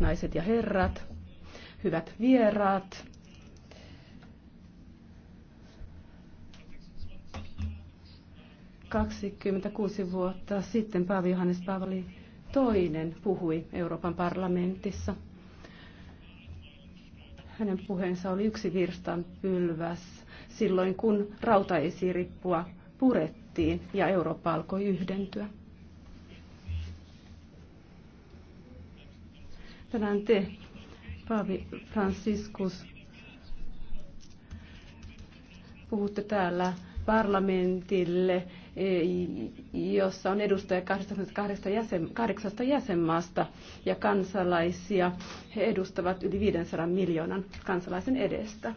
naiset ja herrat, hyvät vieraat. Kaksikymmentäkuusi vuotta sitten Paavi Johannes Paavali toinen puhui Euroopan parlamentissa. Hänen puheensa oli yksi virstan pylväs silloin, kun rautaesirippua purettiin ja Eurooppa alkoi yhdentyä. Tänään te, Paavi Franciscus, puhutte täällä parlamentille, e, jossa on edustajia 88 jäsen, jäsenmaasta ja kansalaisia. He edustavat yli 500 miljoonan kansalaisen edestä.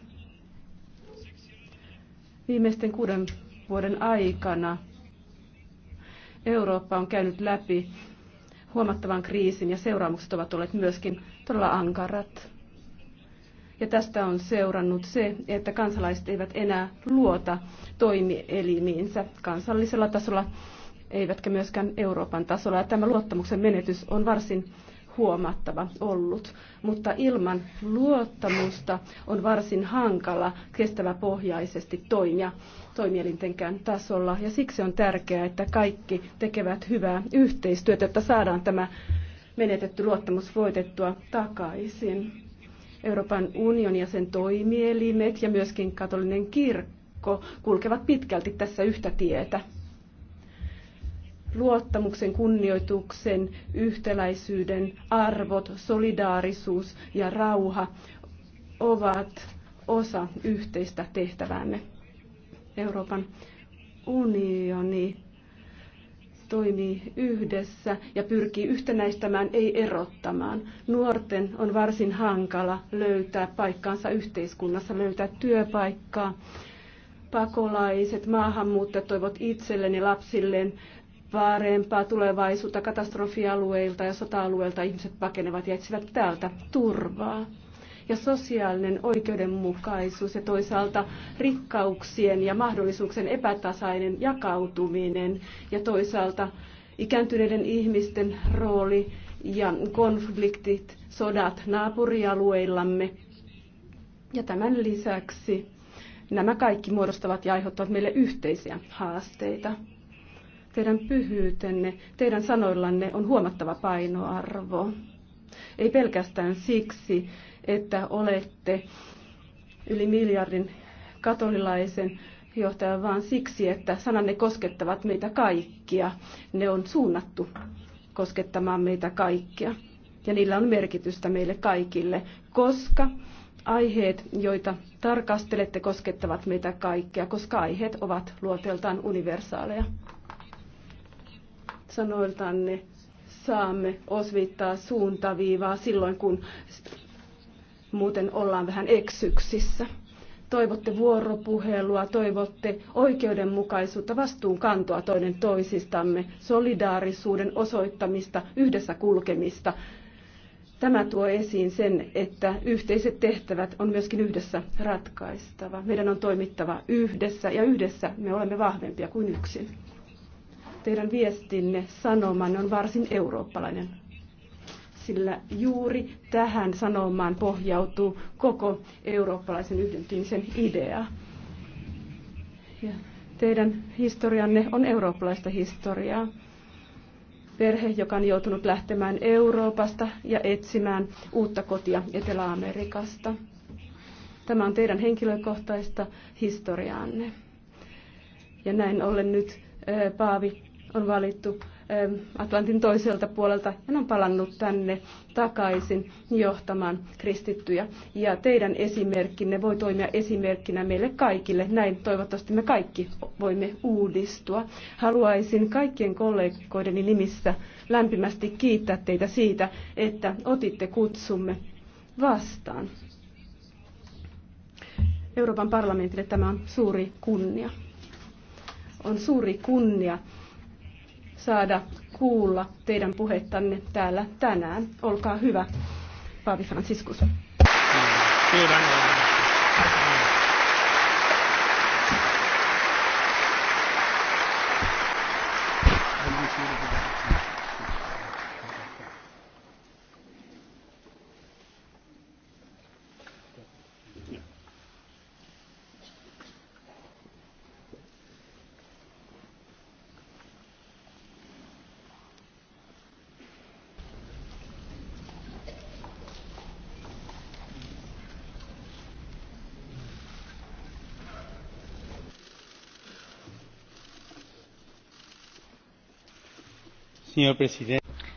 Viimeisten kuuden vuoden aikana Eurooppa on käynyt läpi huomattavan kriisin ja seuraamukset ovat olleet myöskin todella ankarat. Ja tästä on seurannut se, että kansalaiset eivät enää luota toimielimiinsä kansallisella tasolla eivätkä myöskään Euroopan tasolla. Ja tämä luottamuksen menetys on varsin huomattava ollut, mutta ilman luottamusta on varsin hankala kestäväpohjaisesti toimia toimielintenkään tasolla. Ja siksi on tärkeää, että kaikki tekevät hyvää yhteistyötä, että saadaan tämä menetetty luottamus voitettua takaisin. Euroopan unioni ja sen toimielimet ja myöskin katolinen kirkko kulkevat pitkälti tässä yhtä tietä. Luottamuksen, kunnioituksen, yhtäläisyyden, arvot, solidaarisuus ja rauha ovat osa yhteistä tehtäväämme. Euroopan unioni toimii yhdessä ja pyrkii yhtenäistämään, ei erottamaan. Nuorten on varsin hankala löytää paikkaansa yhteiskunnassa, löytää työpaikkaa. Pakolaiset, maahanmuuttajat toivot itselleen ja lapsilleen parempaa tulevaisuutta katastrofialueilta ja sota-alueilta ihmiset pakenevat ja etsivät täältä turvaa ja sosiaalinen oikeudenmukaisuus ja toisaalta rikkauksien ja mahdollisuuksien epätasainen jakautuminen ja toisaalta ikääntyneiden ihmisten rooli ja konfliktit, sodat naapurialueillamme. Ja tämän lisäksi nämä kaikki muodostavat ja aiheuttavat meille yhteisiä haasteita. Teidän pyhyytenne, teidän sanoillanne on huomattava painoarvo. Ei pelkästään siksi, että olette yli miljardin katolilaisen johtaja, vaan siksi, että sananne koskettavat meitä kaikkia. Ne on suunnattu koskettamaan meitä kaikkia. Ja niillä on merkitystä meille kaikille, koska aiheet, joita tarkastelette, koskettavat meitä kaikkia, koska aiheet ovat luoteltaan universaaleja. Sanoiltanne saamme osvittaa suuntaviivaa silloin, kun muuten ollaan vähän eksyksissä. Toivotte vuoropuhelua, toivotte oikeudenmukaisuutta, vastuunkantoa toinen toisistamme, solidaarisuuden osoittamista, yhdessä kulkemista. Tämä tuo esiin sen, että yhteiset tehtävät on myöskin yhdessä ratkaistava. Meidän on toimittava yhdessä ja yhdessä me olemme vahvempia kuin yksin. Teidän viestinne, sanomanne on varsin eurooppalainen sillä juuri tähän sanomaan pohjautuu koko eurooppalaisen yhdentymisen idea. Ja teidän historianne on eurooppalaista historiaa. Perhe, joka on joutunut lähtemään Euroopasta ja etsimään uutta kotia Etelä-Amerikasta. Tämä on teidän henkilökohtaista historiaanne. Ja näin ollen nyt eh, Paavi on valittu Atlantin toiselta puolelta Hän on palannut tänne takaisin johtamaan kristittyjä. Ja teidän esimerkkinne voi toimia esimerkkinä meille kaikille. Näin toivottavasti me kaikki voimme uudistua. Haluaisin kaikkien kollegoideni nimissä lämpimästi kiittää teitä siitä, että otitte kutsumme vastaan. Euroopan parlamentille tämä on suuri kunnia. On suuri kunnia saada kuulla teidän puhettanne täällä tänään. Olkaa hyvä, Paavi Franciscus. Kiitos.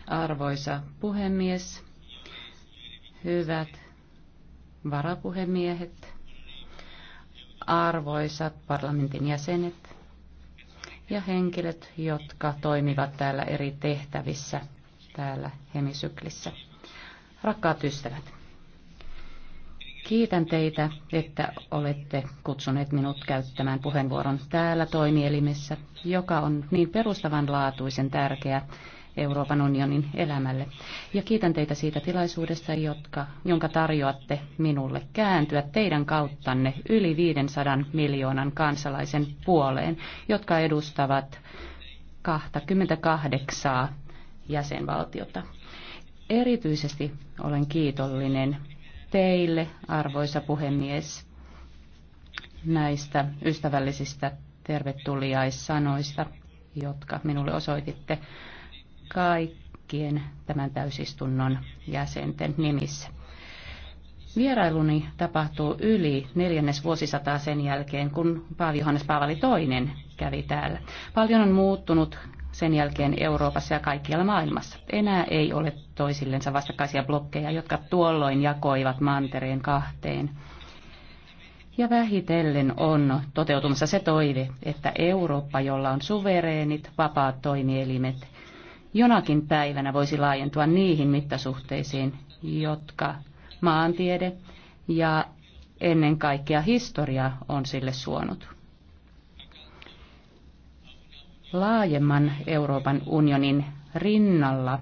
Arvoisa puhemies, hyvät varapuhemiehet, arvoisat parlamentin jäsenet ja henkilöt, jotka toimivat täällä eri tehtävissä täällä hemisyklissä. Rakkaat ystävät, Kiitän teitä, että olette kutsuneet minut käyttämään puheenvuoron täällä toimielimessä, joka on niin perustavanlaatuisen tärkeä Euroopan unionin elämälle. Ja kiitän teitä siitä tilaisuudesta, jotka, jonka tarjoatte minulle kääntyä teidän kauttanne yli 500 miljoonan kansalaisen puoleen, jotka edustavat 28 jäsenvaltiota. Erityisesti olen kiitollinen teille, arvoisa puhemies, näistä ystävällisistä tervetuliaissanoista, jotka minulle osoititte kaikkien tämän täysistunnon jäsenten nimissä. Vierailuni tapahtuu yli neljännes vuosisataa sen jälkeen, kun Paavi Johannes Paavali II kävi täällä. Paljon on muuttunut sen jälkeen Euroopassa ja kaikkialla maailmassa. Enää ei ole toisillensa vastakkaisia blokkeja, jotka tuolloin jakoivat mantereen kahteen. Ja vähitellen on toteutumassa se toive, että Eurooppa, jolla on suvereenit, vapaat toimielimet, jonakin päivänä voisi laajentua niihin mittasuhteisiin, jotka maantiede ja ennen kaikkea historia on sille suonut laajemman Euroopan unionin rinnalla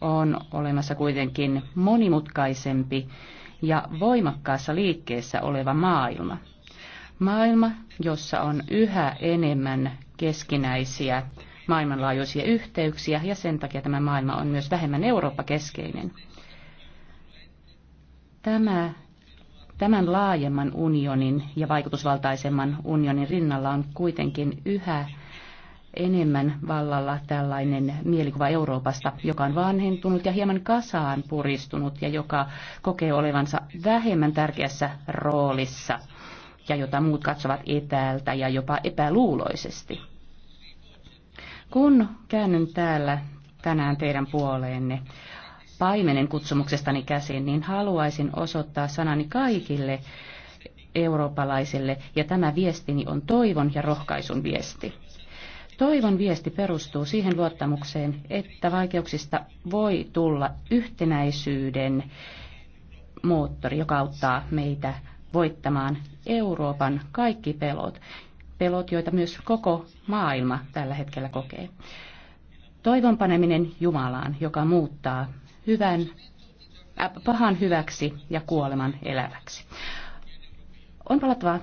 on olemassa kuitenkin monimutkaisempi ja voimakkaassa liikkeessä oleva maailma. Maailma, jossa on yhä enemmän keskinäisiä maailmanlaajuisia yhteyksiä ja sen takia tämä maailma on myös vähemmän Eurooppa-keskeinen. Tämä, tämän laajemman unionin ja vaikutusvaltaisemman unionin rinnalla on kuitenkin yhä enemmän vallalla tällainen mielikuva Euroopasta, joka on vanhentunut ja hieman kasaan puristunut ja joka kokee olevansa vähemmän tärkeässä roolissa ja jota muut katsovat etäältä ja jopa epäluuloisesti. Kun käännyn täällä tänään teidän puoleenne paimenen kutsumuksestani käsin, niin haluaisin osoittaa sanani kaikille eurooppalaisille, ja tämä viestini on toivon ja rohkaisun viesti. Toivon viesti perustuu siihen luottamukseen, että vaikeuksista voi tulla yhtenäisyyden moottori, joka auttaa meitä voittamaan Euroopan kaikki pelot, pelot, joita myös koko maailma tällä hetkellä kokee. Toivon paneminen Jumalaan, joka muuttaa hyvän, äh, pahan hyväksi ja kuoleman eläväksi. On palattava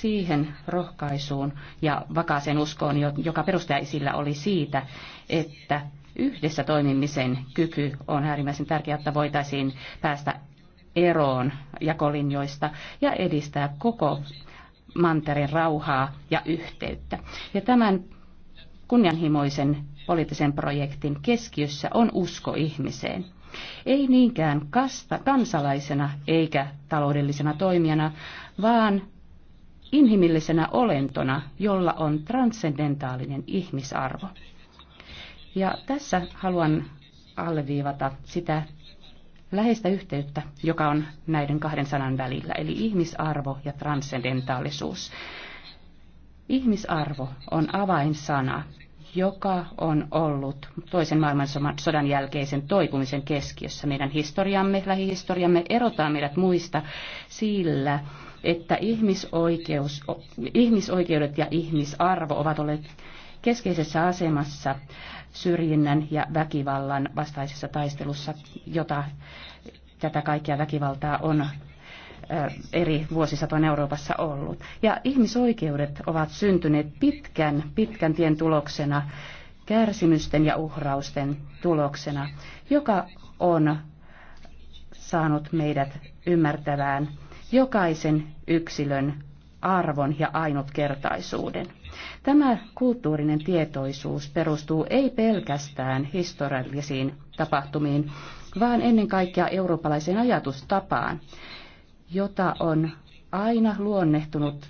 siihen rohkaisuun ja vakaaseen uskoon, joka perustajaisillä oli siitä, että yhdessä toimimisen kyky on äärimmäisen tärkeää, että voitaisiin päästä eroon jakolinjoista ja edistää koko mantereen rauhaa ja yhteyttä. Ja tämän kunnianhimoisen poliittisen projektin keskiössä on usko ihmiseen. Ei niinkään kasta kansalaisena eikä taloudellisena toimijana, vaan inhimillisenä olentona, jolla on transcendentaalinen ihmisarvo. Ja tässä haluan alleviivata sitä läheistä yhteyttä, joka on näiden kahden sanan välillä, eli ihmisarvo ja transcendentaalisuus. Ihmisarvo on avainsana, joka on ollut toisen maailmansodan jälkeisen toipumisen keskiössä. Meidän historiamme, lähihistoriamme erotaan meidät muista sillä, että ihmisoikeus, ihmisoikeudet ja ihmisarvo ovat olleet keskeisessä asemassa syrjinnän ja väkivallan vastaisessa taistelussa, jota tätä kaikkea väkivaltaa on eri vuosisatoin Euroopassa ollut. Ja ihmisoikeudet ovat syntyneet pitkän, pitkän tien tuloksena, kärsimysten ja uhrausten tuloksena, joka on saanut meidät ymmärtävään jokaisen yksilön arvon ja ainutkertaisuuden. Tämä kulttuurinen tietoisuus perustuu ei pelkästään historiallisiin tapahtumiin, vaan ennen kaikkea eurooppalaiseen ajatustapaan, jota on aina luonnehtunut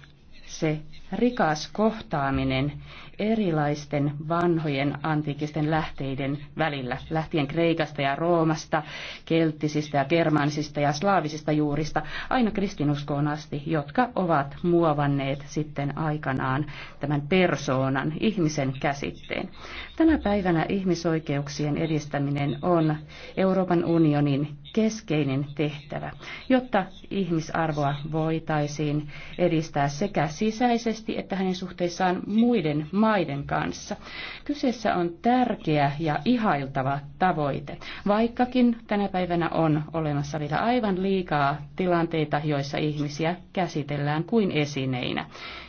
se rikas kohtaaminen erilaisten vanhojen antiikisten lähteiden välillä, lähtien Kreikasta ja Roomasta, kelttisistä ja germaanisista ja slaavisista juurista, aina kristinuskoon asti, jotka ovat muovanneet sitten aikanaan tämän persoonan, ihmisen käsitteen. Tänä päivänä ihmisoikeuksien edistäminen on Euroopan unionin keskeinen tehtävä, jotta ihmisarvoa voitaisiin edistää sekä sisäisesti että hänen suhteissaan muiden maiden kanssa. Kyseessä on tärkeä ja ihailtava tavoite, vaikkakin tänä päivänä on olemassa vielä aivan liikaa tilanteita, joissa ihmisiä käsitellään kuin esineinä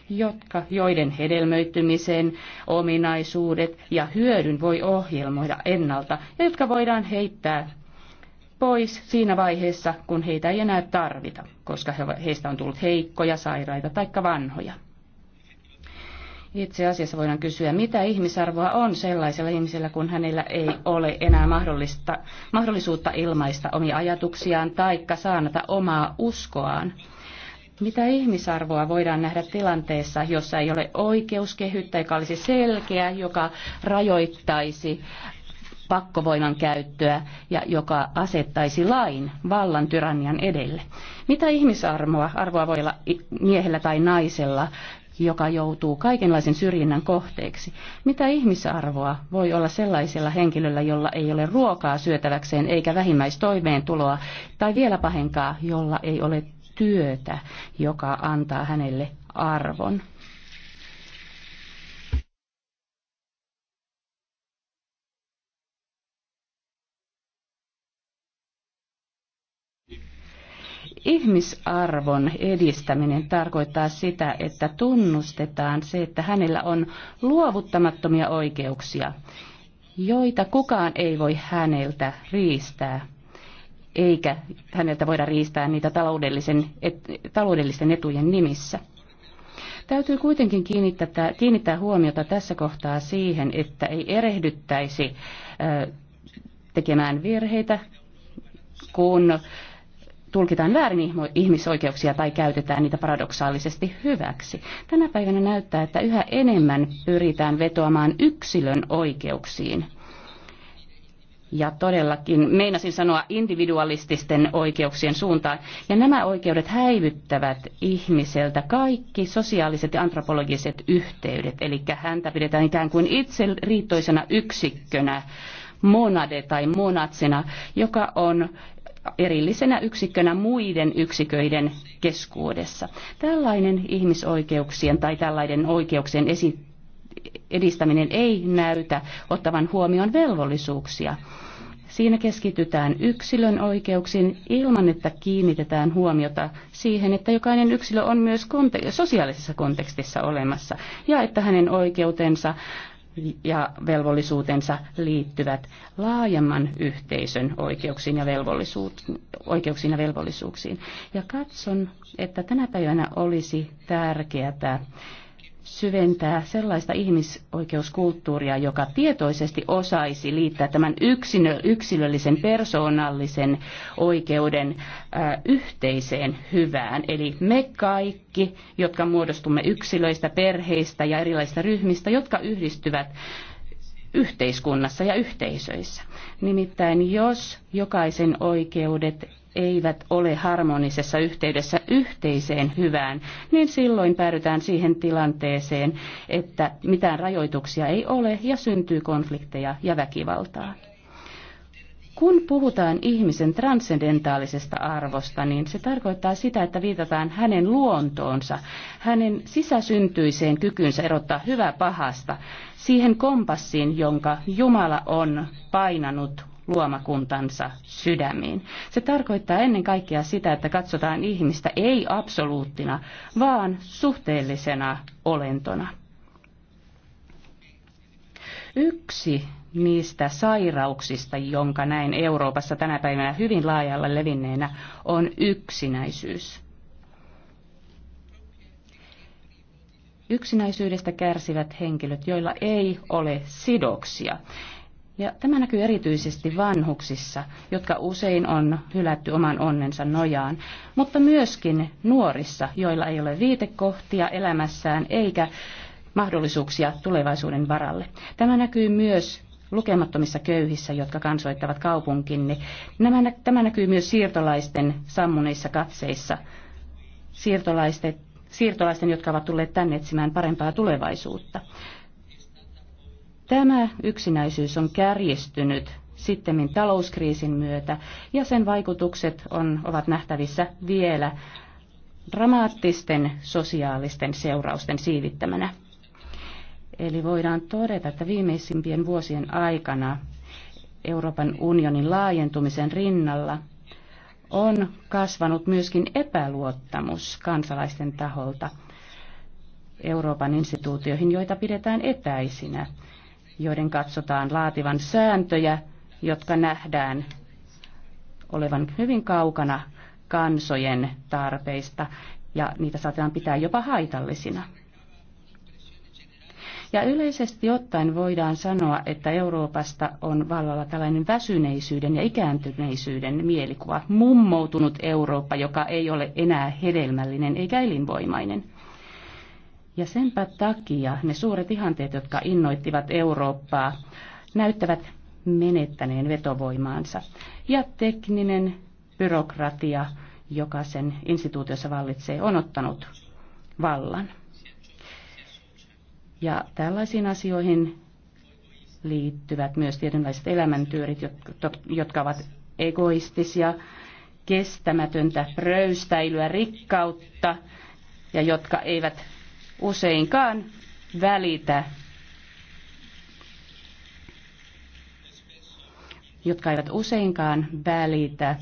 jotka, joiden hedelmöitymisen ominaisuudet ja hyödyn voi ohjelmoida ennalta ja jotka voidaan heittää pois siinä vaiheessa, kun heitä ei enää tarvita, koska heistä on tullut heikkoja, sairaita tai vanhoja. Itse asiassa voidaan kysyä, mitä ihmisarvoa on sellaisella ihmisellä, kun hänellä ei ole enää mahdollista, mahdollisuutta ilmaista omia ajatuksiaan tai saanata omaa uskoaan. Mitä ihmisarvoa voidaan nähdä tilanteessa, jossa ei ole oikeuskehyttä, joka olisi selkeä, joka rajoittaisi pakkovoiman käyttöä ja joka asettaisi lain vallan tyrannian edelle. Mitä ihmisarmoa arvoa voi olla miehellä tai naisella, joka joutuu kaikenlaisen syrjinnän kohteeksi. Mitä ihmisarvoa voi olla sellaisella henkilöllä, jolla ei ole ruokaa syötäväkseen eikä vähimmäistoimeentuloa, tai vielä pahenkaa, jolla ei ole työtä, joka antaa hänelle arvon. Ihmisarvon edistäminen tarkoittaa sitä, että tunnustetaan se, että hänellä on luovuttamattomia oikeuksia, joita kukaan ei voi häneltä riistää eikä häneltä voida riistää niitä taloudellisen, et, taloudellisten etujen nimissä. Täytyy kuitenkin kiinnittää, kiinnittää huomiota tässä kohtaa siihen, että ei erehdyttäisi ö, tekemään virheitä, kun tulkitaan väärin ihmisoikeuksia tai käytetään niitä paradoksaalisesti hyväksi. Tänä päivänä näyttää, että yhä enemmän pyritään vetoamaan yksilön oikeuksiin. Ja todellakin, meinasin sanoa individualististen oikeuksien suuntaan. Ja nämä oikeudet häivyttävät ihmiseltä kaikki sosiaaliset ja antropologiset yhteydet. Eli häntä pidetään ikään kuin itse riittoisena yksikkönä, monade tai monatsena, joka on erillisenä yksikkönä muiden yksiköiden keskuudessa. Tällainen ihmisoikeuksien tai tällainen oikeuksien esi- edistäminen ei näytä ottavan huomioon velvollisuuksia. Siinä keskitytään yksilön oikeuksiin ilman, että kiinnitetään huomiota siihen, että jokainen yksilö on myös konte- sosiaalisessa kontekstissa olemassa ja että hänen oikeutensa ja velvollisuutensa liittyvät laajemman yhteisön oikeuksiin ja, oikeuksiin ja velvollisuuksiin. Ja katson, että tänä päivänä olisi tärkeää syventää sellaista ihmisoikeuskulttuuria, joka tietoisesti osaisi liittää tämän yksilö, yksilöllisen persoonallisen oikeuden ä, yhteiseen hyvään. Eli me kaikki, jotka muodostumme yksilöistä, perheistä ja erilaisista ryhmistä, jotka yhdistyvät yhteiskunnassa ja yhteisöissä. Nimittäin jos jokaisen oikeudet eivät ole harmonisessa yhteydessä yhteiseen hyvään, niin silloin päädytään siihen tilanteeseen, että mitään rajoituksia ei ole ja syntyy konflikteja ja väkivaltaa. Kun puhutaan ihmisen transcendentaalisesta arvosta, niin se tarkoittaa sitä, että viitataan hänen luontoonsa, hänen sisäsyntyiseen kykynsä erottaa hyvä pahasta, siihen kompassiin, jonka Jumala on painanut luomakuntansa sydämiin. Se tarkoittaa ennen kaikkea sitä, että katsotaan ihmistä ei absoluuttina, vaan suhteellisena olentona. Yksi niistä sairauksista, jonka näin Euroopassa tänä päivänä hyvin laajalla levinneenä, on yksinäisyys. Yksinäisyydestä kärsivät henkilöt, joilla ei ole sidoksia. Ja tämä näkyy erityisesti vanhuksissa, jotka usein on hylätty oman onnensa nojaan, mutta myöskin nuorissa, joilla ei ole viitekohtia elämässään eikä mahdollisuuksia tulevaisuuden varalle. Tämä näkyy myös lukemattomissa köyhissä, jotka kansoittavat kaupunkinne. Nämä, tämä näkyy myös siirtolaisten sammuneissa katseissa. Siirtolaisten, siirtolaisten, jotka ovat tulleet tänne etsimään parempaa tulevaisuutta. Tämä yksinäisyys on kärjistynyt sittemmin talouskriisin myötä ja sen vaikutukset on, ovat nähtävissä vielä dramaattisten sosiaalisten seurausten siivittämänä. Eli voidaan todeta, että viimeisimpien vuosien aikana Euroopan unionin laajentumisen rinnalla on kasvanut myöskin epäluottamus kansalaisten taholta Euroopan instituutioihin, joita pidetään etäisinä joiden katsotaan laativan sääntöjä, jotka nähdään olevan hyvin kaukana kansojen tarpeista ja niitä saatetaan pitää jopa haitallisina. Ja yleisesti ottaen voidaan sanoa, että Euroopasta on vallalla tällainen väsyneisyyden ja ikääntyneisyyden mielikuva, mummoutunut Eurooppa, joka ei ole enää hedelmällinen eikä elinvoimainen. Ja senpä takia ne suuret ihanteet, jotka innoittivat Eurooppaa, näyttävät menettäneen vetovoimaansa. Ja tekninen byrokratia, joka sen instituutiossa vallitsee, on ottanut vallan. Ja tällaisiin asioihin liittyvät myös tietynlaiset elämäntyörit, jotka ovat egoistisia, kestämätöntä röystäilyä, rikkautta ja jotka eivät useinkaan välitä, jotka eivät useinkaan välitä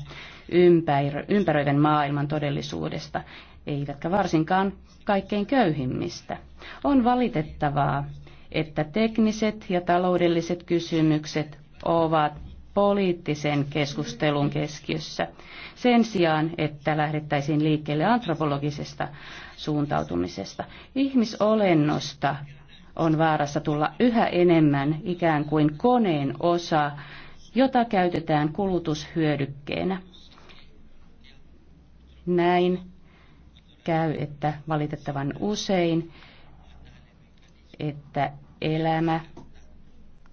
ympäröivän maailman todellisuudesta, eivätkä varsinkaan kaikkein köyhimmistä. On valitettavaa, että tekniset ja taloudelliset kysymykset ovat poliittisen keskustelun keskiössä sen sijaan, että lähdettäisiin liikkeelle antropologisesta suuntautumisesta. Ihmisolennosta on vaarassa tulla yhä enemmän ikään kuin koneen osa, jota käytetään kulutushyödykkeenä. Näin käy, että valitettavan usein, että elämä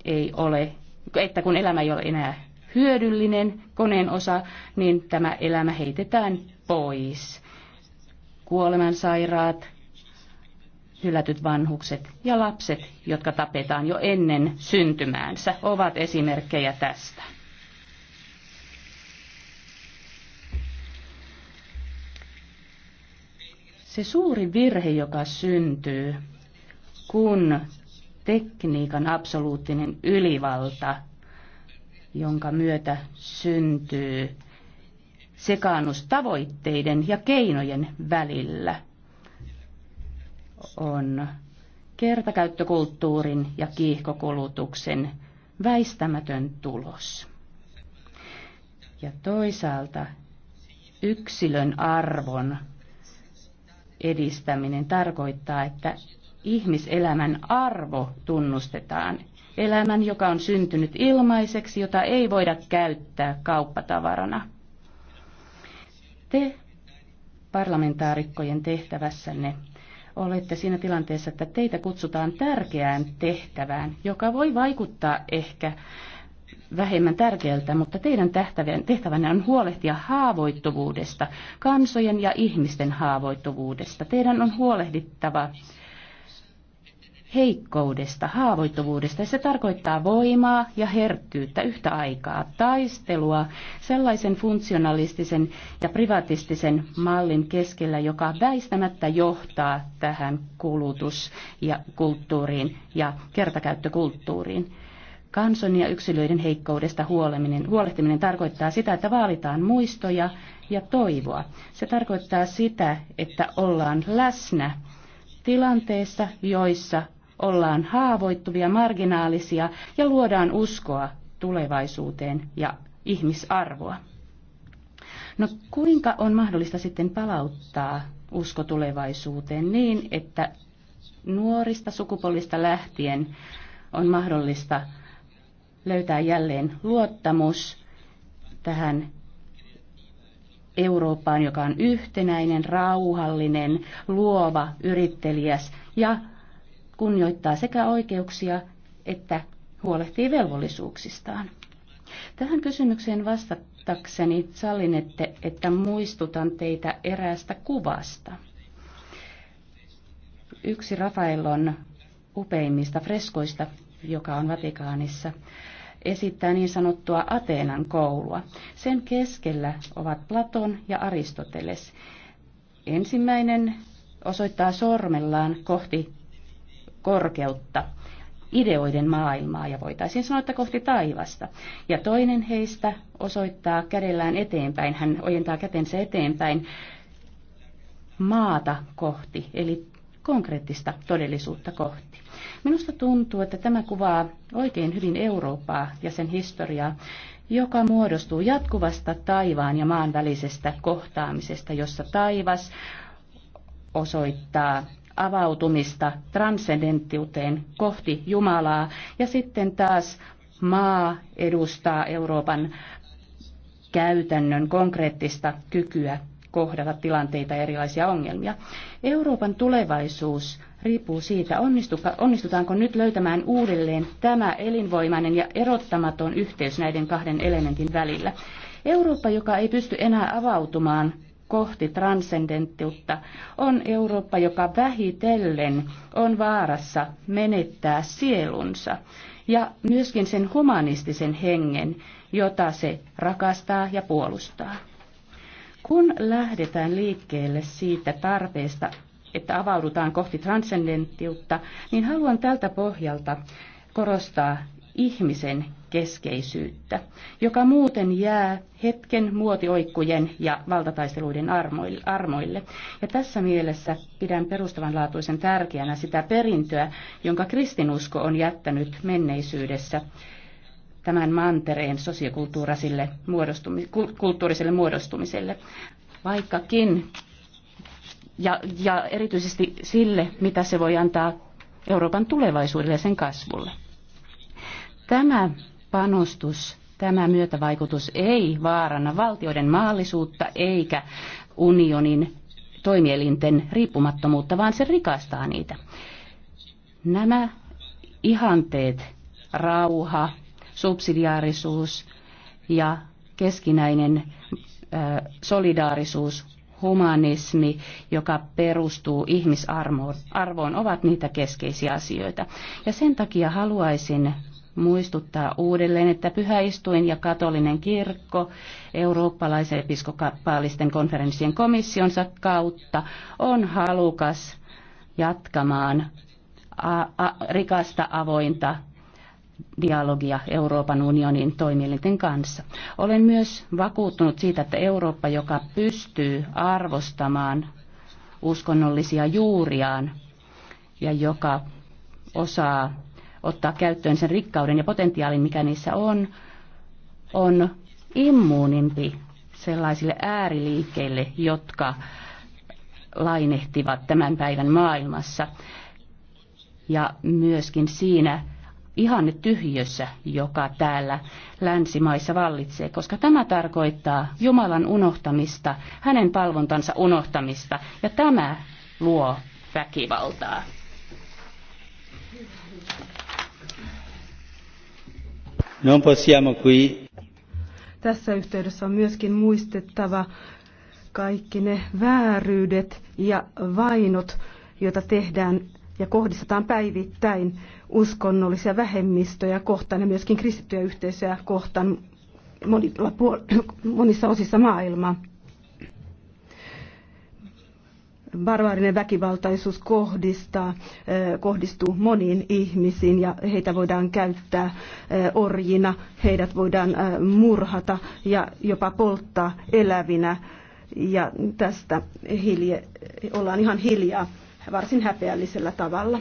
ei ole että kun elämä ei ole enää hyödyllinen koneen osa, niin tämä elämä heitetään pois. Kuolemansairaat, hylätyt vanhukset ja lapset, jotka tapetaan jo ennen syntymäänsä, ovat esimerkkejä tästä. Se suuri virhe, joka syntyy, kun tekniikan absoluuttinen ylivalta, jonka myötä syntyy sekaannus tavoitteiden ja keinojen välillä, on kertakäyttökulttuurin ja kiihkokulutuksen väistämätön tulos. Ja toisaalta yksilön arvon edistäminen tarkoittaa, että ihmiselämän arvo tunnustetaan. Elämän, joka on syntynyt ilmaiseksi, jota ei voida käyttää kauppatavarana. Te parlamentaarikkojen tehtävässänne olette siinä tilanteessa, että teitä kutsutaan tärkeään tehtävään, joka voi vaikuttaa ehkä vähemmän tärkeältä, mutta teidän tehtävänne on huolehtia haavoittuvuudesta, kansojen ja ihmisten haavoittuvuudesta. Teidän on huolehdittava heikkoudesta, haavoittuvuudesta. Ja se tarkoittaa voimaa ja herkkyyttä yhtä aikaa, taistelua sellaisen funktionalistisen ja privatistisen mallin keskellä, joka väistämättä johtaa tähän kulutus- ja kulttuuriin ja kertakäyttökulttuuriin. Kansan ja yksilöiden heikkoudesta huoleminen, huolehtiminen tarkoittaa sitä, että vaalitaan muistoja ja toivoa. Se tarkoittaa sitä, että ollaan läsnä tilanteissa, joissa ollaan haavoittuvia, marginaalisia ja luodaan uskoa tulevaisuuteen ja ihmisarvoa. No kuinka on mahdollista sitten palauttaa usko tulevaisuuteen niin, että nuorista sukupolvista lähtien on mahdollista löytää jälleen luottamus tähän Eurooppaan, joka on yhtenäinen, rauhallinen, luova, yrittelijäs ja kunnioittaa sekä oikeuksia että huolehtii velvollisuuksistaan. Tähän kysymykseen vastattakseni sallinette, että muistutan teitä eräästä kuvasta. Yksi Rafaelon upeimmista freskoista, joka on Vatikaanissa, esittää niin sanottua Ateenan koulua. Sen keskellä ovat Platon ja Aristoteles. Ensimmäinen osoittaa sormellaan kohti korkeutta, ideoiden maailmaa ja voitaisiin sanoa, että kohti taivasta. Ja toinen heistä osoittaa kädellään eteenpäin, hän ojentaa kätensä eteenpäin maata kohti, eli konkreettista todellisuutta kohti. Minusta tuntuu, että tämä kuvaa oikein hyvin Eurooppaa ja sen historiaa, joka muodostuu jatkuvasta taivaan ja maan välisestä kohtaamisesta, jossa taivas osoittaa avautumista transcendenttiuteen kohti Jumalaa. Ja sitten taas maa edustaa Euroopan käytännön konkreettista kykyä kohdata tilanteita ja erilaisia ongelmia. Euroopan tulevaisuus riippuu siitä, onnistutaanko nyt löytämään uudelleen tämä elinvoimainen ja erottamaton yhteys näiden kahden elementin välillä. Eurooppa, joka ei pysty enää avautumaan kohti transcendenttiutta on Eurooppa, joka vähitellen on vaarassa menettää sielunsa ja myöskin sen humanistisen hengen, jota se rakastaa ja puolustaa. Kun lähdetään liikkeelle siitä tarpeesta, että avaudutaan kohti transcendenttiutta, niin haluan tältä pohjalta korostaa ihmisen keskeisyyttä, joka muuten jää hetken muotioikkujen ja valtataisteluiden armoille. Ja tässä mielessä pidän perustavanlaatuisen tärkeänä sitä perintöä, jonka kristinusko on jättänyt menneisyydessä tämän mantereen sosiokulttuuriselle muodostumiselle, muodostumiselle. Vaikkakin ja, ja erityisesti sille, mitä se voi antaa Euroopan tulevaisuudelle ja sen kasvulle. Tämä panostus, tämä myötävaikutus ei vaaranna valtioiden maallisuutta eikä unionin toimielinten riippumattomuutta, vaan se rikastaa niitä. Nämä ihanteet, rauha, subsidiaarisuus ja keskinäinen solidaarisuus, humanismi, joka perustuu ihmisarvoon, ovat niitä keskeisiä asioita. Ja sen takia haluaisin muistuttaa uudelleen, että pyhäistuin ja katolinen kirkko eurooppalaisen episkopaalisten konferenssien komissionsa kautta on halukas jatkamaan a- a- rikasta avointa dialogia Euroopan unionin toimielinten kanssa. Olen myös vakuuttunut siitä, että Eurooppa, joka pystyy arvostamaan uskonnollisia juuriaan ja joka osaa ottaa käyttöön sen rikkauden ja potentiaalin, mikä niissä on, on immuunimpi sellaisille ääriliikkeille, jotka lainehtivat tämän päivän maailmassa. Ja myöskin siinä ihanne tyhjössä, joka täällä länsimaissa vallitsee, koska tämä tarkoittaa Jumalan unohtamista, hänen palvontansa unohtamista, ja tämä luo väkivaltaa. Non possiamo qui. Tässä yhteydessä on myöskin muistettava kaikki ne vääryydet ja vainot, joita tehdään ja kohdistetaan päivittäin uskonnollisia vähemmistöjä kohtaan ja myöskin kristittyjä yhteisöjä kohtaan monissa osissa maailmaa barbaarinen väkivaltaisuus kohdistaa, eh, kohdistuu moniin ihmisiin ja heitä voidaan käyttää eh, orjina, heidät voidaan eh, murhata ja jopa polttaa elävinä. Ja tästä hilje, ollaan ihan hiljaa varsin häpeällisellä tavalla.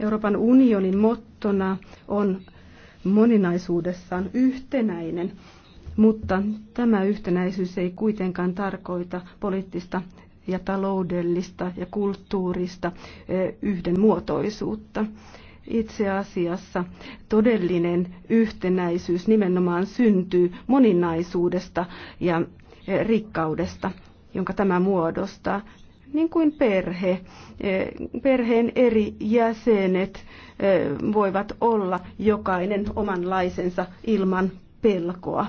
Euroopan unionin mottona on moninaisuudessaan yhtenäinen, mutta tämä yhtenäisyys ei kuitenkaan tarkoita poliittista ja taloudellista ja kulttuurista yhdenmuotoisuutta. Itse asiassa todellinen yhtenäisyys nimenomaan syntyy moninaisuudesta ja rikkaudesta jonka tämä muodostaa niin kuin perhe. E, perheen eri jäsenet e, voivat olla jokainen omanlaisensa ilman pelkoa.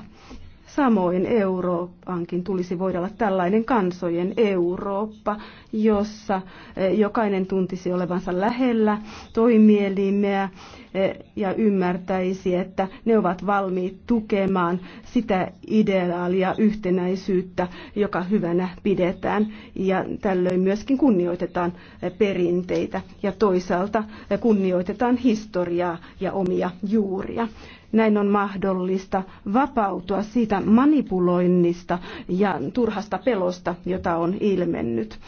Samoin Euroopankin tulisi voida olla tällainen kansojen Eurooppa, jossa eh, jokainen tuntisi olevansa lähellä toimielimeä eh, ja ymmärtäisi, että ne ovat valmiit tukemaan sitä ideaalia yhtenäisyyttä, joka hyvänä pidetään. Ja tällöin myöskin kunnioitetaan eh, perinteitä ja toisaalta kunnioitetaan historiaa ja omia juuria. Näin on mahdollista vapautua siitä manipuloinnista ja turhasta pelosta, jota on ilmennyt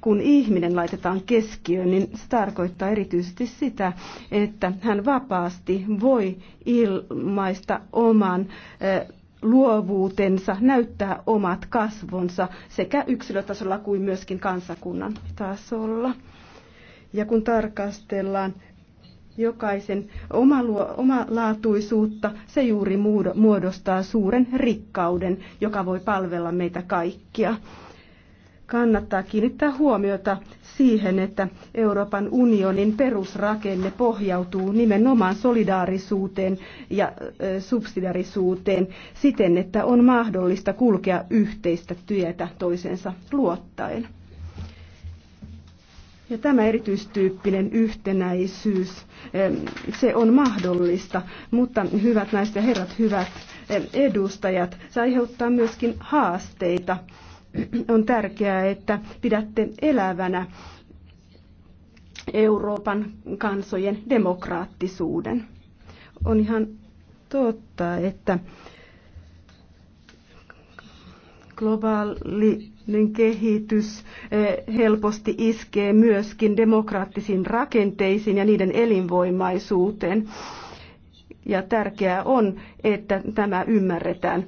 kun ihminen laitetaan keskiöön, niin se tarkoittaa erityisesti sitä, että hän vapaasti voi ilmaista oman luovuutensa, näyttää omat kasvonsa sekä yksilötasolla kuin myöskin kansakunnan tasolla. Ja kun tarkastellaan jokaisen omaluo, omalaatuisuutta, se juuri muodostaa suuren rikkauden, joka voi palvella meitä kaikkia. Kannattaa kiinnittää huomiota siihen, että Euroopan unionin perusrakenne pohjautuu nimenomaan solidaarisuuteen ja subsidiarisuuteen siten, että on mahdollista kulkea yhteistä työtä toisensa luottaen. Ja tämä erityistyyppinen yhtenäisyys, se on mahdollista, mutta hyvät naiset ja herrat, hyvät edustajat, se aiheuttaa myöskin haasteita. On tärkeää, että pidätte elävänä Euroopan kansojen demokraattisuuden. On ihan totta, että globaalinen kehitys eh, helposti iskee myöskin demokraattisiin rakenteisiin ja niiden elinvoimaisuuteen. Ja tärkeää on, että tämä ymmärretään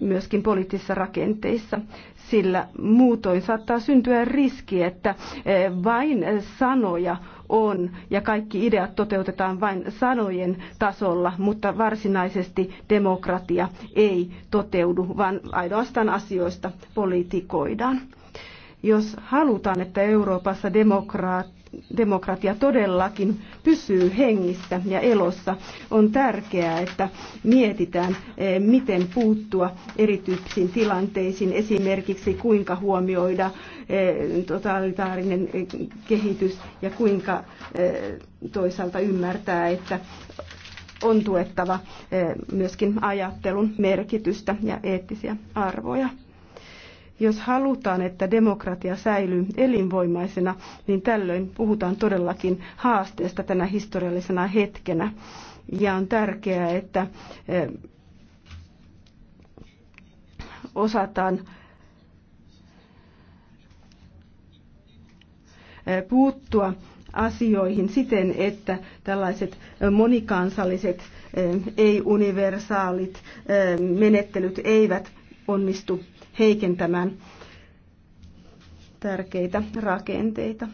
myöskin poliittisissa rakenteissa, sillä muutoin saattaa syntyä riski, että eh, vain sanoja on ja kaikki ideat toteutetaan vain sanojen tasolla, mutta varsinaisesti demokratia ei toteudu, vaan ainoastaan asioista politikoidaan. Jos halutaan, että Euroopassa demokratia demokratia todellakin pysyy hengissä ja elossa, on tärkeää, että mietitään, eh, miten puuttua erityyppisiin tilanteisiin, esimerkiksi kuinka huomioida eh, totalitaarinen eh, kehitys ja kuinka toisaalta ymmärtää, että on tuettava myöskin ajattelun merkitystä ja eettisiä arvoja. Jos halutaan, että demokratia säilyy elinvoimaisena, niin tällöin puhutaan todellakin haasteesta tänä historiallisena hetkenä. Ja on tärkeää, että eh, osataan eh, puuttua asioihin siten, että tällaiset monikansalliset, eh, ei-universaalit menettelyt eivät onnistu heikentämään tärkeitä rakenteita.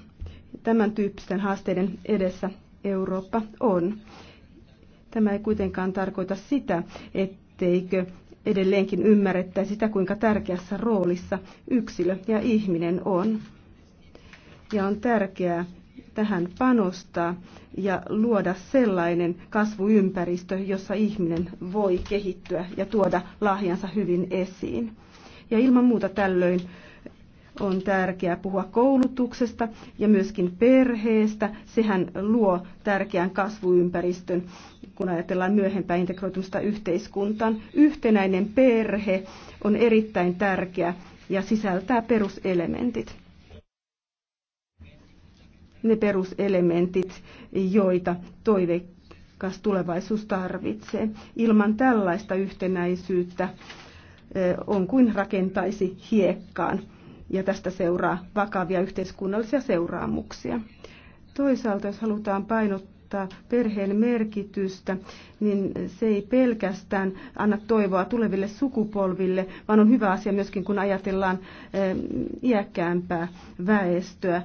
Tämän tyyppisten haasteiden edessä Eurooppa on. Tämä ei kuitenkaan tarkoita sitä, etteikö edelleenkin ymmärrettäisi sitä, kuinka tärkeässä roolissa yksilö ja ihminen on. Ja on tärkeää tähän panostaa ja luoda sellainen kasvuympäristö, jossa ihminen voi kehittyä ja tuoda lahjansa hyvin esiin. Ja ilman muuta tällöin on tärkeää puhua koulutuksesta ja myöskin perheestä. Sehän luo tärkeän kasvuympäristön, kun ajatellaan myöhempää integroitumista yhteiskuntaan. Yhtenäinen perhe on erittäin tärkeä ja sisältää peruselementit. Ne peruselementit, joita toiveikas tulevaisuus tarvitsee. Ilman tällaista yhtenäisyyttä on kuin rakentaisi hiekkaan ja tästä seuraa vakavia yhteiskunnallisia seuraamuksia. Toisaalta, jos halutaan painottaa perheen merkitystä, niin se ei pelkästään anna toivoa tuleville sukupolville, vaan on hyvä asia myöskin, kun ajatellaan iäkkäämpää väestöä,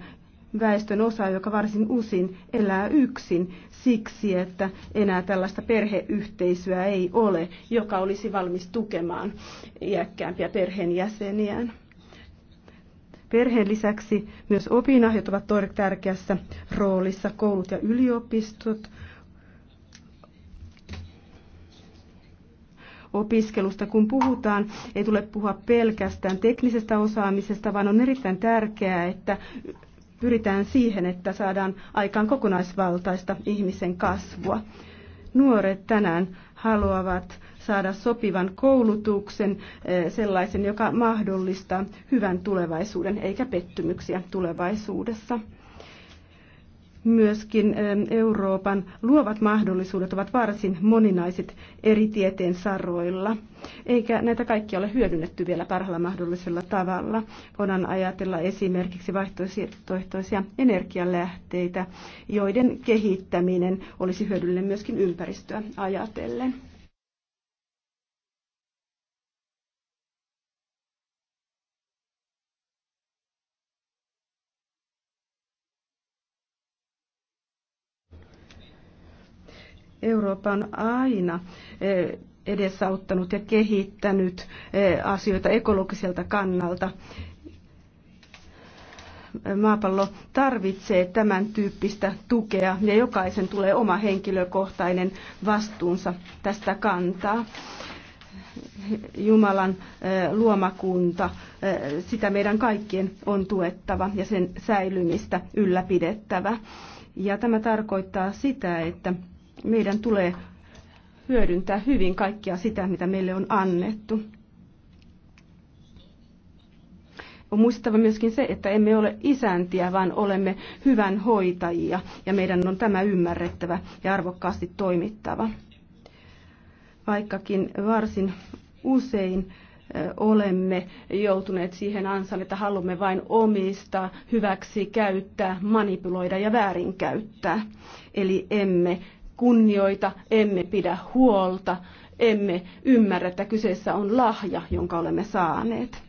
väestön osa, joka varsin usin elää yksin siksi, että enää tällaista perheyhteisöä ei ole, joka olisi valmis tukemaan iäkkäämpiä perheenjäseniään. Perheen lisäksi myös opinahjot ovat tärkeässä roolissa, koulut ja yliopistot, opiskelusta, kun puhutaan, ei tule puhua pelkästään teknisestä osaamisesta, vaan on erittäin tärkeää, että pyritään siihen, että saadaan aikaan kokonaisvaltaista ihmisen kasvua. Nuoret tänään haluavat saada sopivan koulutuksen, eh, sellaisen, joka mahdollistaa hyvän tulevaisuuden eikä pettymyksiä tulevaisuudessa myöskin eh, Euroopan luovat mahdollisuudet ovat varsin moninaiset eri tieteen saroilla, eikä näitä kaikkia ole hyödynnetty vielä parhaalla mahdollisella tavalla. Voidaan ajatella esimerkiksi vaihtoehtoisia energialähteitä, joiden kehittäminen olisi hyödyllinen myöskin ympäristöä ajatellen. Eurooppa on aina eh, edesauttanut ja kehittänyt eh, asioita ekologiselta kannalta. Maapallo tarvitsee tämän tyyppistä tukea ja jokaisen tulee oma henkilökohtainen vastuunsa tästä kantaa. Jumalan eh, luomakunta, sitä meidän kaikkien on tuettava ja sen säilymistä ylläpidettävä. Ja tämä tarkoittaa sitä, että meidän tulee hyödyntää hyvin kaikkia sitä, mitä meille on annettu. On muistettava myöskin se, että emme ole isäntiä, vaan olemme hyvän hoitajia ja meidän on tämä ymmärrettävä ja arvokkaasti toimittava. Vaikkakin varsin usein olemme joutuneet siihen ansaan, että haluamme vain omistaa, hyväksi käyttää, manipuloida ja väärinkäyttää. Eli emme kunnioita, emme pidä huolta, emme ymmärrä, että kyseessä on lahja, jonka olemme saaneet.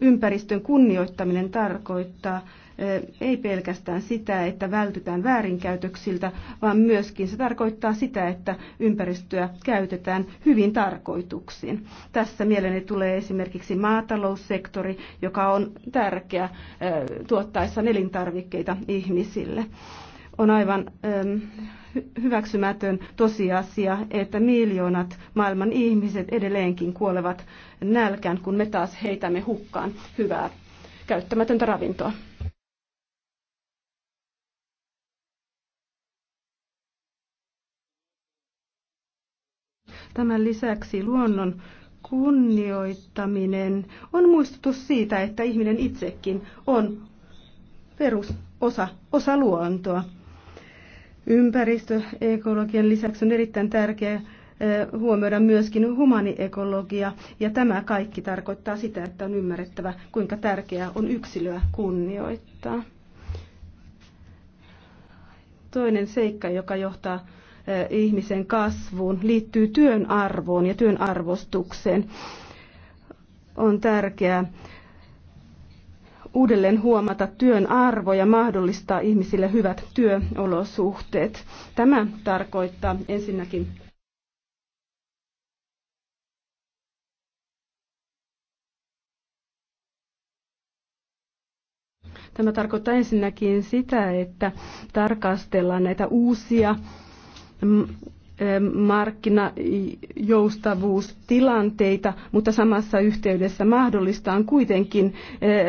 Ympäristön kunnioittaminen tarkoittaa e, ei pelkästään sitä, että vältytään väärinkäytöksiltä, vaan myöskin se tarkoittaa sitä, että ympäristöä käytetään hyvin tarkoituksiin. Tässä mieleeni tulee esimerkiksi maataloussektori, joka on tärkeä e, tuottaessa elintarvikkeita ihmisille. On aivan ähm, hyväksymätön tosiasia, että miljoonat maailman ihmiset edelleenkin kuolevat nälkään, kun me taas heitämme hukkaan hyvää käyttämätöntä ravintoa. Tämän lisäksi luonnon kunnioittaminen on muistutus siitä, että ihminen itsekin on perusosa osa luontoa. Ympäristö, ekologian lisäksi on erittäin tärkeää eh, huomioida myöskin humaniekologia, ja tämä kaikki tarkoittaa sitä, että on ymmärrettävä, kuinka tärkeää on yksilöä kunnioittaa. Toinen seikka, joka johtaa eh, ihmisen kasvuun, liittyy työn arvoon ja työn arvostukseen. On tärkeää uudelleen huomata työn arvo ja mahdollistaa ihmisille hyvät työolosuhteet. Tämä tarkoittaa ensinnäkin Tämä tarkoittaa ensinnäkin sitä, että tarkastellaan näitä uusia mm, markkinajoustavuustilanteita, mutta samassa yhteydessä mahdollistaan kuitenkin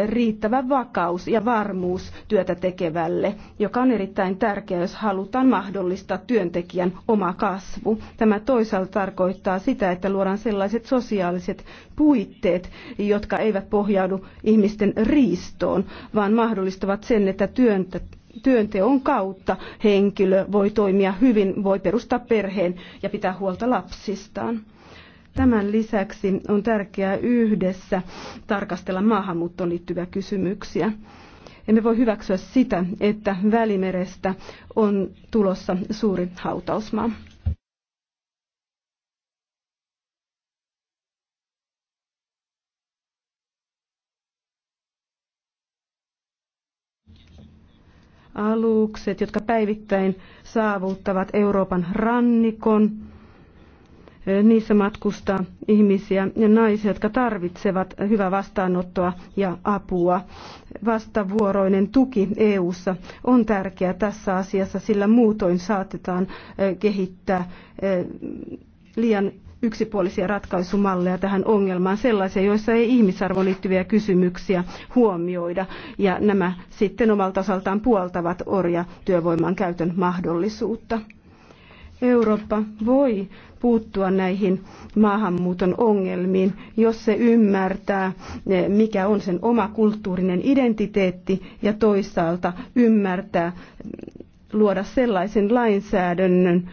riittävä vakaus ja varmuus työtä tekevälle, joka on erittäin tärkeää, jos halutaan mahdollistaa työntekijän oma kasvu. Tämä toisaalta tarkoittaa sitä, että luodaan sellaiset sosiaaliset puitteet, jotka eivät pohjaudu ihmisten riistoon, vaan mahdollistavat sen, että työntekijä työnteon kautta henkilö voi toimia hyvin, voi perustaa perheen ja pitää huolta lapsistaan. Tämän lisäksi on tärkeää yhdessä tarkastella maahanmuuttoon liittyviä kysymyksiä. Emme voi hyväksyä sitä, että Välimerestä on tulossa suuri hautausmaa. alukset, jotka päivittäin saavuttavat Euroopan rannikon. Niissä matkustaa ihmisiä ja naisia, jotka tarvitsevat hyvää vastaanottoa ja apua. Vastavuoroinen tuki EU:ssa on tärkeää tässä asiassa, sillä muutoin saatetaan eh, kehittää eh, liian yksipuolisia ratkaisumalleja tähän ongelmaan, sellaisia, joissa ei ihmisarvoon liittyviä kysymyksiä huomioida. Ja nämä sitten omalta osaltaan puoltavat orja työvoiman käytön mahdollisuutta. Eurooppa voi puuttua näihin maahanmuuton ongelmiin, jos se ymmärtää, mikä on sen oma kulttuurinen identiteetti ja toisaalta ymmärtää luoda sellaisen lainsäädännön,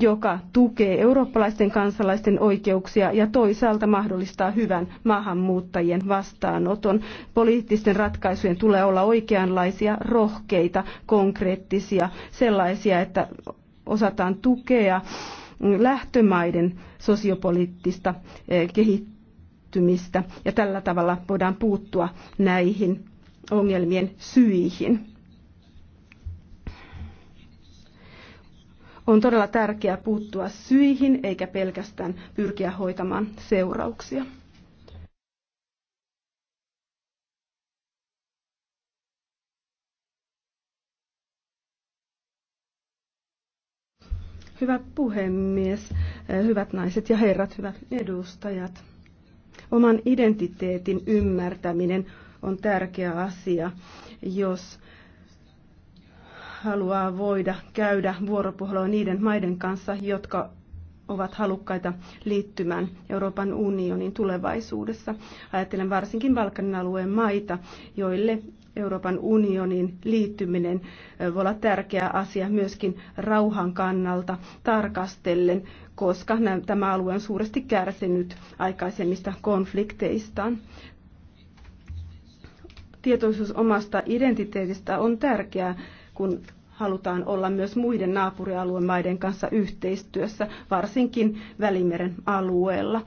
joka tukee eurooppalaisten kansalaisten oikeuksia ja toisaalta mahdollistaa hyvän maahanmuuttajien vastaanoton. Poliittisten ratkaisujen tulee olla oikeanlaisia, rohkeita, konkreettisia, sellaisia, että osataan tukea lähtömaiden sosiopoliittista eh, kehittymistä ja tällä tavalla voidaan puuttua näihin ongelmien syihin. On todella tärkeää puuttua syihin eikä pelkästään pyrkiä hoitamaan seurauksia. Hyvä puhemies, hyvät naiset ja herrat, hyvät edustajat. Oman identiteetin ymmärtäminen on tärkeä asia, jos haluaa voida käydä vuoropuhelua niiden maiden kanssa, jotka ovat halukkaita liittymään Euroopan unionin tulevaisuudessa. Ajattelen varsinkin Balkanin alueen maita, joille Euroopan unionin liittyminen voi olla tärkeä asia myöskin rauhan kannalta tarkastellen, koska tämä alue on suuresti kärsinyt aikaisemmista konflikteistaan. Tietoisuus omasta identiteetistä on tärkeää kun halutaan olla myös muiden naapurialuemaiden kanssa yhteistyössä, varsinkin Välimeren alueella.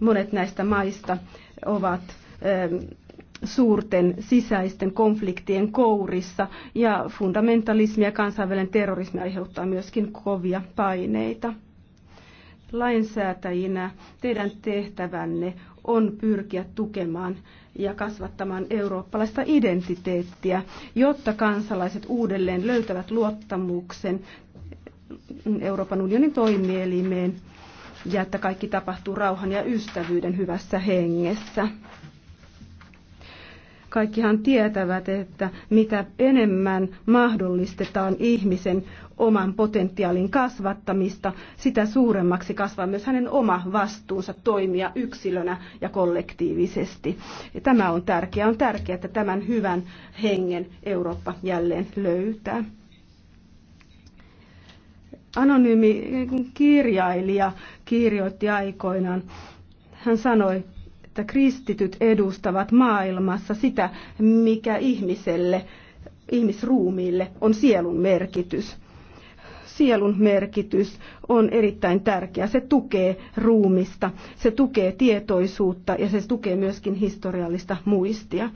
Monet näistä maista ovat ähm, suurten sisäisten konfliktien kourissa ja fundamentalismi ja kansainvälinen terrorismi aiheuttaa myöskin kovia paineita. Lainsäätäjinä teidän tehtävänne on pyrkiä tukemaan ja kasvattamaan eurooppalaista identiteettiä, jotta kansalaiset uudelleen löytävät luottamuksen Euroopan unionin toimielimeen ja että kaikki tapahtuu rauhan ja ystävyyden hyvässä hengessä. Kaikkihan tietävät, että mitä enemmän mahdollistetaan ihmisen oman potentiaalin kasvattamista, sitä suuremmaksi kasvaa myös hänen oma vastuunsa toimia yksilönä ja kollektiivisesti. Ja tämä on tärkeää. On tärkeää, että tämän hyvän hengen Eurooppa jälleen löytää anonyymi kirjailija kirjoitti aikoinaan. Hän sanoi, että kristityt edustavat maailmassa sitä, mikä ihmiselle, ihmisruumiille on sielun merkitys. Sielun merkitys on erittäin tärkeä. Se tukee ruumista, se tukee tietoisuutta ja se tukee myöskin historiallista muistia.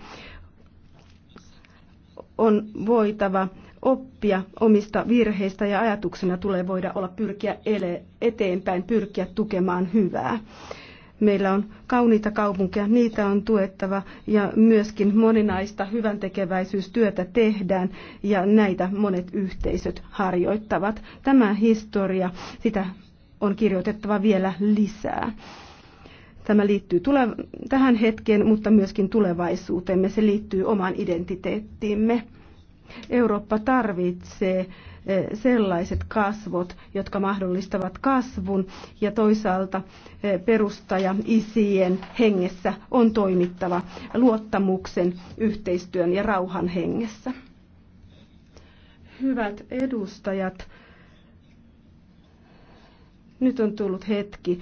On voitava oppia omista virheistä ja ajatuksena tulee voida olla pyrkiä eteenpäin, pyrkiä tukemaan hyvää. Meillä on kauniita kaupunkeja, niitä on tuettava ja myöskin moninaista hyväntekeväisyystyötä tehdään ja näitä monet yhteisöt harjoittavat. Tämä historia, sitä on kirjoitettava vielä lisää. Tämä liittyy tule- tähän hetkeen, mutta myöskin tulevaisuuteemme. Se liittyy omaan identiteettiimme. Eurooppa tarvitsee sellaiset kasvot, jotka mahdollistavat kasvun ja toisaalta perustaja isien hengessä on toimittava luottamuksen, yhteistyön ja rauhan hengessä. Hyvät edustajat, nyt on tullut hetki,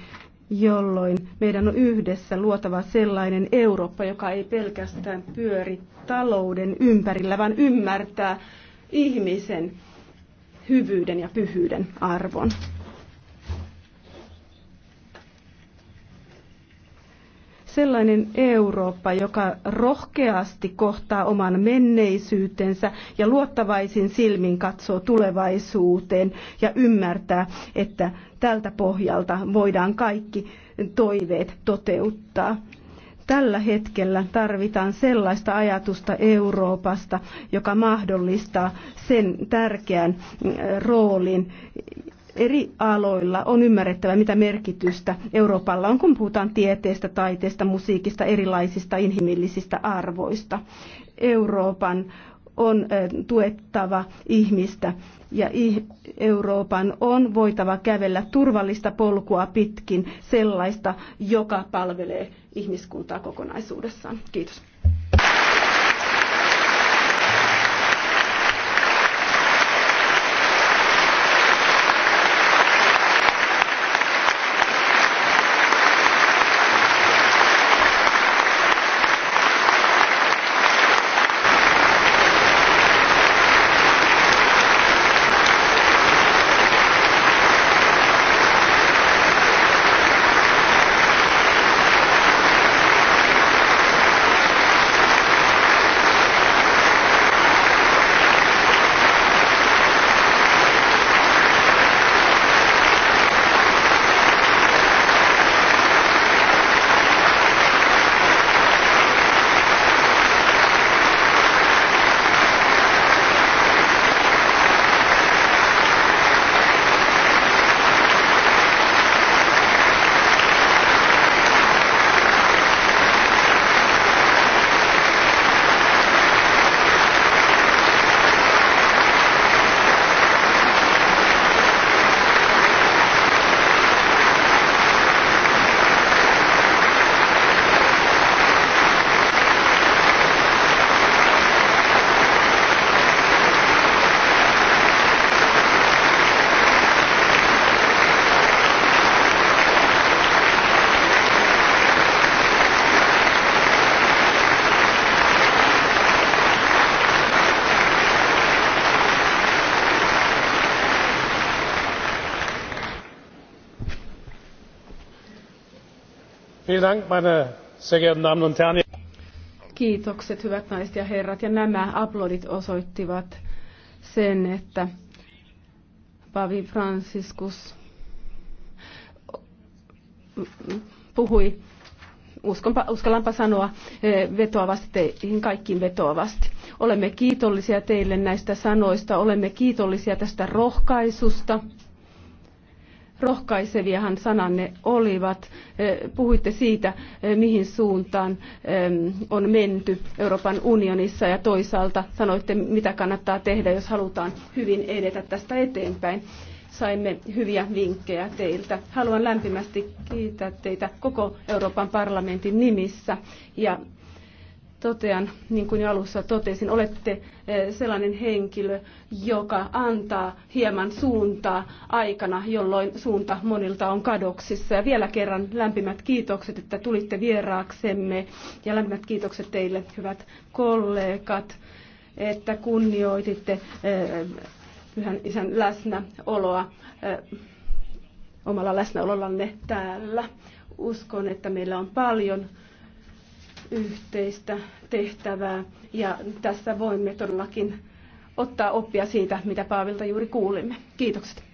jolloin meidän on yhdessä luotava sellainen Eurooppa, joka ei pelkästään pyöri talouden ympärillä, vaan ymmärtää ihmisen hyvyyden ja pyhyyden arvon. sellainen Eurooppa, joka rohkeasti kohtaa oman menneisyytensä ja luottavaisin silmin katsoo tulevaisuuteen ja ymmärtää, että tältä pohjalta voidaan kaikki toiveet toteuttaa. Tällä hetkellä tarvitaan sellaista ajatusta Euroopasta, joka mahdollistaa sen tärkeän roolin. Eri aloilla on ymmärrettävä, mitä merkitystä Euroopalla on, kun puhutaan tieteestä, taiteesta, musiikista, erilaisista inhimillisistä arvoista. Euroopan on tuettava ihmistä ja Euroopan on voitava kävellä turvallista polkua pitkin sellaista, joka palvelee ihmiskuntaa kokonaisuudessaan. Kiitos. Kiitokset hyvät naiset ja herrat. Ja nämä aplodit osoittivat sen, että Pavi Franciscus puhui, uskonpa, uskallanpa sanoa, vetoavasti teihin kaikkiin vetoavasti. Olemme kiitollisia teille näistä sanoista, olemme kiitollisia tästä rohkaisusta rohkaiseviahan sananne olivat. Eh, puhuitte siitä, eh, mihin suuntaan eh, on menty Euroopan unionissa ja toisaalta sanoitte, mitä kannattaa tehdä, jos halutaan hyvin edetä tästä eteenpäin saimme hyviä vinkkejä teiltä. Haluan lämpimästi kiittää teitä koko Euroopan parlamentin nimissä ja totean, niin kuin jo alussa totesin, olette eh, sellainen henkilö, joka antaa hieman suuntaa aikana, jolloin suunta monilta on kadoksissa. Ja vielä kerran lämpimät kiitokset, että tulitte vieraaksemme ja lämpimät kiitokset teille, hyvät kollegat, että kunnioititte eh, pyhän isän läsnäoloa eh, omalla läsnäolollanne täällä. Uskon, että meillä on paljon yhteistä tehtävää ja tässä voimme todellakin ottaa oppia siitä, mitä Paavilta juuri kuulimme. Kiitokset.